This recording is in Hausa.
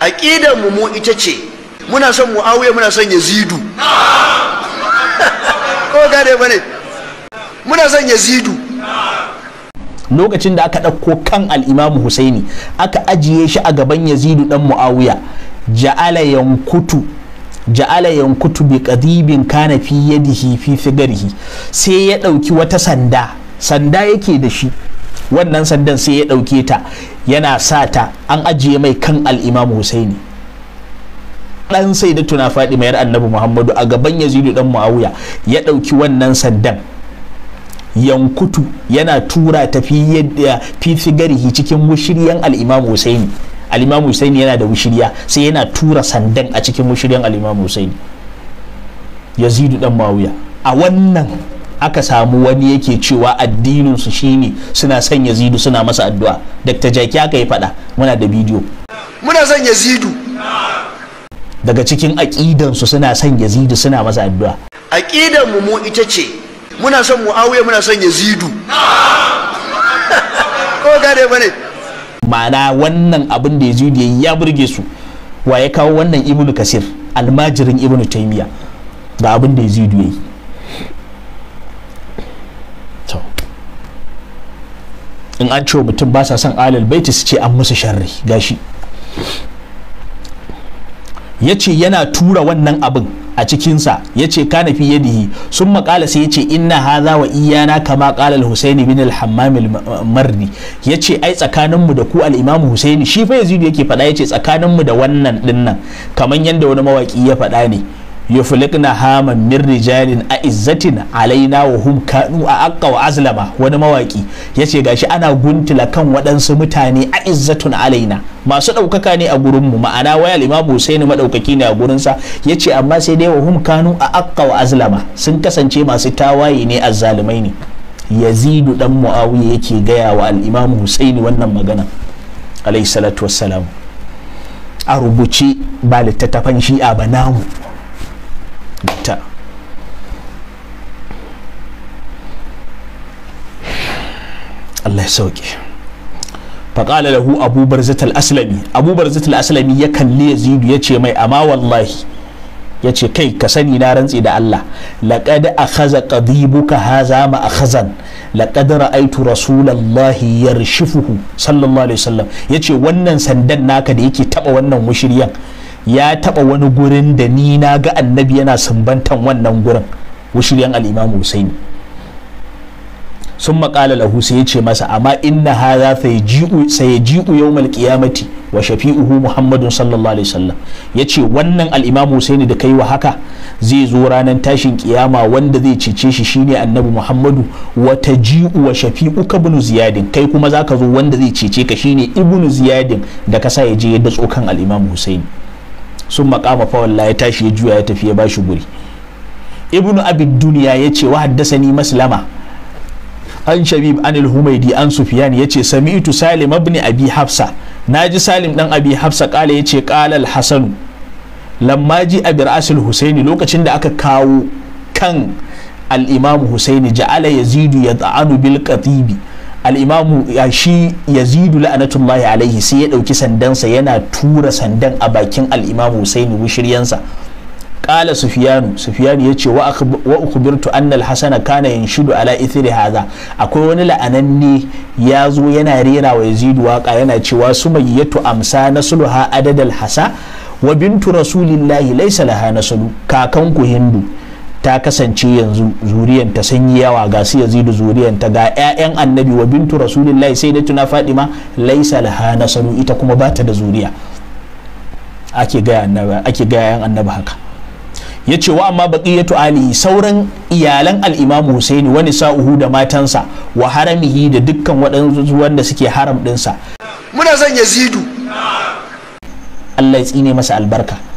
aƙidar mu mu ita ce muna son muawiya muna son yazidu ko gane bane muna son yazidu lokacin da aka ɗauko kan al'imamu husaini aka ajiye shi a gaban yazidu ɗan muawiya ja'ala yankutu ja'ala yankutu bi qadibin kana fi yadihi fi figarhi sai ya ɗauki wata sanda sanda yake da shi wannan sandan sai ya ɗauke ta yana sata an ajiye mai kan al'imamu husaini ɗan sai da tuna faɗi mayar annabi muhammadu a gaban yazidu ɗan ma'auya ya ɗauki wannan sandan yankutu yana tura ta fi yadda fifi garihi cikin mushiryan al'imamu husaini al'imamu husaini yana da mushirya sai yana tura sandan a cikin mushiryan al'imamu husaini yazidu dan muawiya a wannan aka samu wani yake cewa addinin su shine suna son yazidu suna masa addu'a dr jaki aka yi faɗa muna da bidiyo muna son yazidu daga cikin aƙidansu su suna son yazidu suna masa addu'a Aƙidanmu mu mu ita ce muna son muawiya muna son yazidu ko gane bane ma'ana wannan abin da yazidu yayi ya burge su wa ya kawo wannan ibnu kasir almajirin ibnu taymiya ga abin da yazidu yayi in an cewa mutum ba sa son alal baiti su ce an musu sharri gashi ya ce yana tura wannan abin a cikinsa ya ce kana fi yadihi sun makala sai ya ce inna haza wa iyana kama kalal husaini bin al mardi ya ce ai tsakaninmu da ku al'imamu hussaini husaini shi fa yazidu yake faɗa ya ce tsakaninmu da wannan dinnan kamar yadda wani mawaki ya faɗa ne na hama min rijalin a'izzatin alaina wa hum kanu a aqqa wa azlama wani mawaki yace gashi ana guntula kan waɗansu mutane izzatun alaina masu ɗaukaka ne a gurin mu ma'ana waya imamu Husaini madaukaki ne a gurin sa yace amma sai dai wa hum kanu a aqqa wa azlama sun kasance masu tawaye ne azzalumai ne yazidu dan muawiya yake gaya wa al-imamu Husaini wannan magana alayhi salatu wassalam a rubuce ba littattafan shi'a ba namu ta Allah ya sauke faƙala lahu abubar zital aslami abubar aslami ya kalli yazidu ya ce mai amma wallahi ya ce kai ka sani na rantsi da Allah laƙad a haza ƙadibuka haza ma a hazan laƙad ra'aitu rasulallahi yarshifuhu sallallahu alaihi wasallam ya ce wannan sandan naka da yake taɓa wannan mushiryan ya taba wani gurin da ni na ga annabi yana sumbantan wannan gurin wushiryan al-imamu husaini sun maƙala lahu sai ya ce masa amma inna hadha ya ji'u yawmal qiyamati wa shafi'uhu muhammadun sallallahu alaihi wasallam yace wannan al husaini da kai wa haka zai zo ranar tashin kiyama wanda zai cece shi shine annabi muhammadu wa taji'u wa shafi'u ibn ziyadin kai kuma zaka zo wanda zai cece ka shine ibn ziyadin da ka sa ya je yadda tsokan al husaini sun makama fawalla ya tashi ya juya ya tafi ya bashi guri ibnu abid duniya ya ce wa haddasani maslama an shabib an al-humaydi an sufyan yace ce sami'tu salim ibn abi hafsa naji salim dan abi hafsa kala yace ce qala al hasan lamma ji abi rasul husaini lokacin da aka kawo kan al imam husaini ja'ala yazidu yad'anu bil qatibi al'imamu shi yazidu la'anatullahi alaihi sai ya ɗauki sandansa yana tura sandan a bakin al'imamu husaini bushiryansa ƙala sufiyanu sufiyanu ya ce wa uku birtu an hasana kana shudu ala ithri haza akwai wani la'ananne ya zo yana rera wa yazidu waƙa yana cewa su mai yato amsa nasluha adad al-hasa wa bintu rasulillahi laisa laha naslu kakan ku hindu ta kasance yanzu zuriyanta sun yi yawa ga su yazidu zuriyanta ga 'ya'yan annabi wa bintu rasulillahi sai da tuna fadima laisa laha nasaru ita kuma ba ta da zuriya ake gaya ake gaya annabi haka ya ce wa amma baqiyatu ali sauran iyalan al-imam husaini wani sa'uhu da matansa wa haramihi da dukkan waɗansu wanda suke haram ɗinsa muna son yazidu Allah ya tsine masa albarka